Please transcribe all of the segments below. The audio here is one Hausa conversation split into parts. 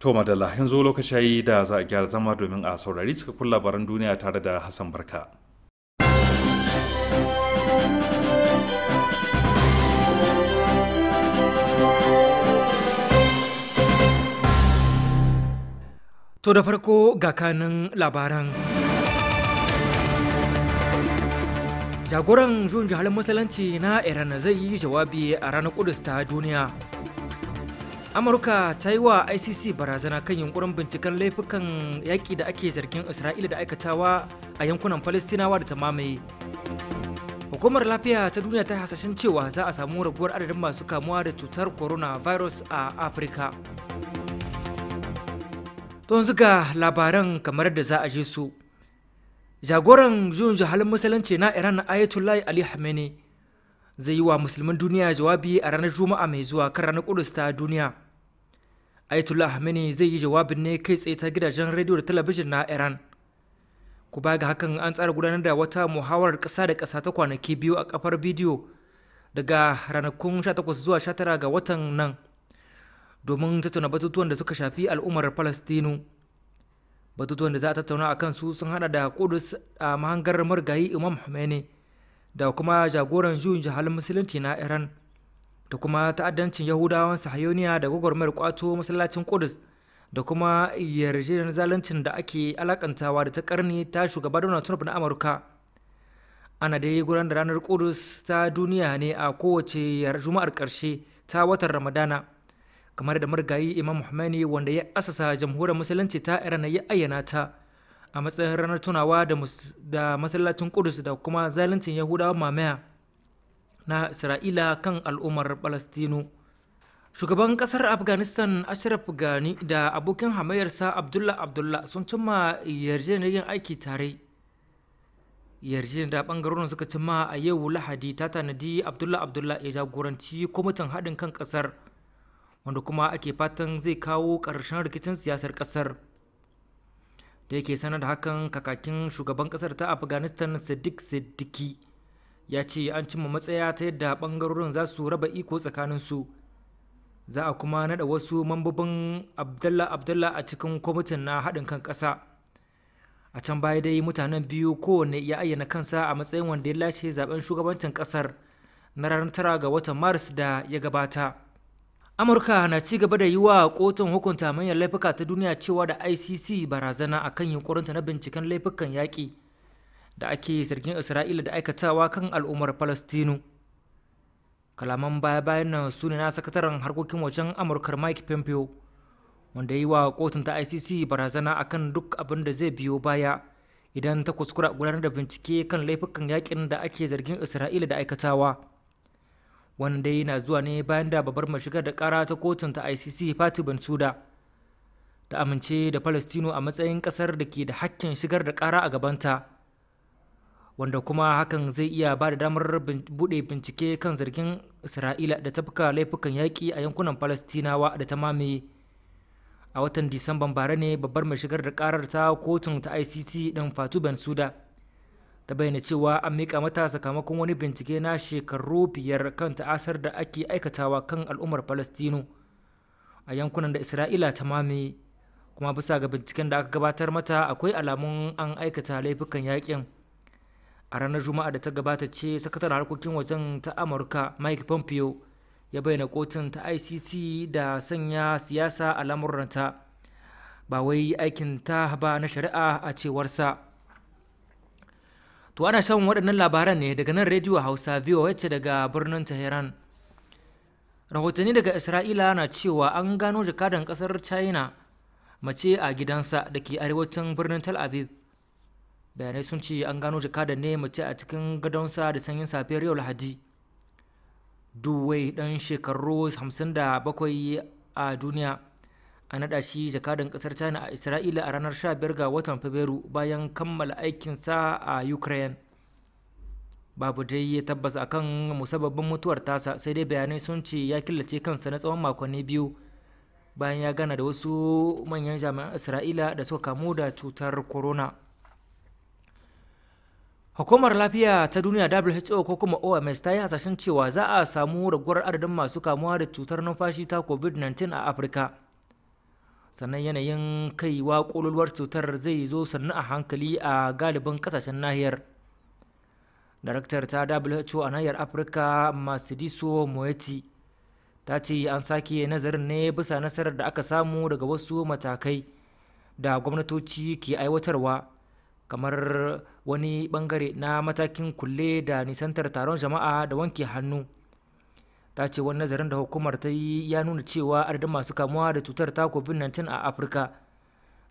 To madalla yanzu lokaci yayi da za a gyara zama domin a saurari cikakkun labaran duniya tare da Hassan Barka. To da farko ga kanin labaran. Jagoran jun jihar Musulunci na Iran zai yi jawabi a ranar Kudus ta duniya. amurka ta yi wa icc barazana kan yunkurin binciken laifukan yaƙi da ake zargin isra'ila da aikatawa a yankunan falistinawa da ta mamaye hukumar lafiya ta duniya ta hasashen cewa za a samu raguwar adadin masu kamuwa da cutar coronavirus a afirka don zuga labaran kamar da za a je su jagoran juyin halin musulunci na iran ayatollah ali khamenei zai yi wa musulmin duniya jawabi a ranar juma'a mai zuwa kan ranar kudus ta duniya ayatollah hamini zai yi jawabin ne kai tsaye ta gidajen rediyo da talabijin na iran ku ga hakan an tsara gudanar da wata muhawarar kasa da kasa ta kwanaki biyu a kafar bidiyo daga ranakun 18 zuwa 19 ga watan nan domin tattauna batutuwan da suka shafi al'ummar palestinu batutuwan da za a tattauna a kansu sun hada da kudus a mahangar marigayi imam Khomeini da kuma jagoran juyin jihalin musulunci na iran da kuma ta'addancin yahudawan sahayoniya da gwagwarmayar kwato masallacin kudus da kuma yarjejeniyar zaluncin da ake alakantawa da ta karni ta shugaba donald trump na amurka ana dai gudanar da ranar kudus ta duniya ne a kowace juma'ar karshe ta watan ramadana kamar da marigayi imam Khomeini wanda ya asasa jamhuriyar musulunci ta iran ya ayyana ta a matsayin ranar tunawa da masallacin kudus da kuma zaluncin yahudawa mamaya na isra'ila kan al'ummar palestino shugaban kasar afghanistan ashraf gani da abokin hamayarsa abdullah abdullah sun cimma yarjejeniyar aiki tare yarjejeniyar da bangarorin suka cimma a yau lahadi ta tanadi abdullah abdullah ya jagoranci kwamitin haɗin kan kasar wanda kuma ake fatan zai kawo ƙarshen rikicin siyasar kasar da yake sanar da hakan kakakin shugaban kasar ta afghanistan sadiq siddiki ya ce an cimma matsaya ta yadda bangarorin za su raba iko tsakaninsu za a kuma nada wasu mambobin abdullah abdullah a cikin kwamitin na haɗin kan ƙasa a can baya dai mutanen biyu kowanne ya ayyana kansa a matsayin wanda ya lashe zaben shugabancin ƙasar na ranar tara ga watan maris da ya gabata amurka na ci gaba da yi wa kotun hukunta manyan laifuka ta duniya cewa da icc barazana a kan yunkurinta na binciken laifukan yaƙi da ake zargin isra'ila da aikatawa kan al'ummar palestinu kalaman baya-bayan nan su ne na sakataren harkokin wajen amurkar mike pompeo wanda yi wa kotun ta icc barazana akan duk abin da zai biyo baya idan ta kuskura gudanar da bincike kan laifukan yaƙin da ake zargin isra'ila da aikatawa wanda dai na zuwa ne bayan da babbar mai shigar da kara ta kotun ta icc fati bensuda ta amince da palestino a matsayin kasar da ke da hakkin shigar da kara a gabanta wanda kuma hakan zai iya ba da damar buɗe bincike kan zargin isra'ila da tafka laifukan yaƙi a yankunan palestinawa da ta mamaye a watan disamban bara ne babbar mai shigar da karar ta kotun ta icc ɗin fatu bensuda ta bayyana cewa an mika mata sakamakon wani bincike na shekaru biyar kan ta'asar da ake aikatawa kan al'ummar palestino a yankunan da isra'ila ta mame kuma bisa ga binciken da aka gabatar mata akwai alamun an aikata laifukan yakin a ranar juma'a da ta gabata ce sakataren harkokin wajen ta amurka mike pompeo ya bayyana kotun ta icc da sanya siyasa a lamuranta ba wai aikin ta ba na shari'a a cewarsa To ana samun waɗannan labaran ne daga nan rediyo Hausa biyu wacce daga birnin Tehran. Rahotanni daga Isra'ila na cewa an gano jakadan ƙasar China mace a gidansa da ke arewacin birnin Tel Aviv. Bayanai sun ce an gano jakadan ne mace a cikin gadonsa da sanyin safiyar yau Lahadi. Duwai dan shekaru 57 a duniya a naɗa shi jakadan kasar china a isra'ila a ranar 15 ga watan fabrairu bayan kammala aikinsa a ukraine babu dai ya tabbas akan musabbabin mutuwar tasa sai dai bayanai sun ce ya killace kansa na tsawon makonni biyu bayan ya gana da wasu manyan jami'an isra'ila da suka kamu da cutar corona hukumar lafiya ta duniya who ko kuma oms ta yi hasashen cewa za a samu raguwar adadin masu kamuwa da cutar numfashi ta covid-19 a afirka sannan yanayin kaiwa ƙololuwar cutar zai zo sannu a hankali a galibin ƙasashen nahiyar daraktar ta who a nahiyar afirka masidiso moeti ta ce an sake nazarin ne bisa nasarar da aka samu daga wasu matakai da gwamnatoci ke aiwatarwa kamar wani bangare na matakin kulle da nisantar taron jama'a da wanke hannu ta ce wani nazarin da hukumar ta yi ya nuna cewa adadin masu kamuwa da cutar ta covid-19 a afirka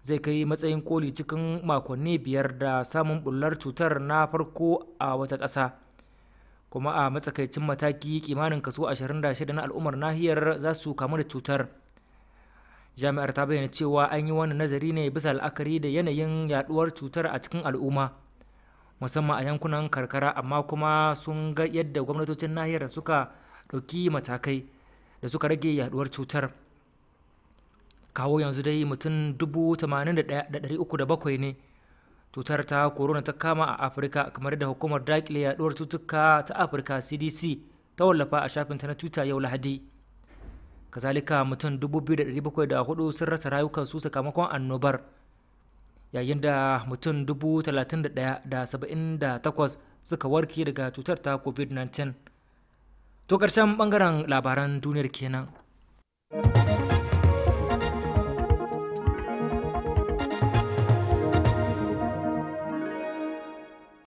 zai kai matsayin koli cikin makonni biyar da samun bullar cutar na farko a wata ƙasa kuma a matsakaicin mataki kimanin kaso 26 na al'ummar nahiyar za su kamu da cutar jami'ar ta bayyana cewa an yi wani nazari ne bisa la'akari da yanayin yaduwar cutar a cikin al'umma musamman a yankunan karkara amma kuma sun ga yadda gwamnatocin nahiyar suka ɗauki matakai da suka rage yaɗuwar cutar kawo yanzu dai mutum dubu bakwai ne cutar ta corona ta kama a afirka kamar da hukumar daƙile yaɗuwar cutuka ta afirka cdc ta wallafa a shafinta na twitter yau lahadi kazalika mutum dubu biyu da da ɗari bakwai hudu sun rasa rayukan rayukansu sakamakon annobar yayin da mutum dubu talatin da da da ɗaya saba'in takwas suka warke daga cutar ta covid-19 to ƙarshen ɓangaren labaran duniyar kenan.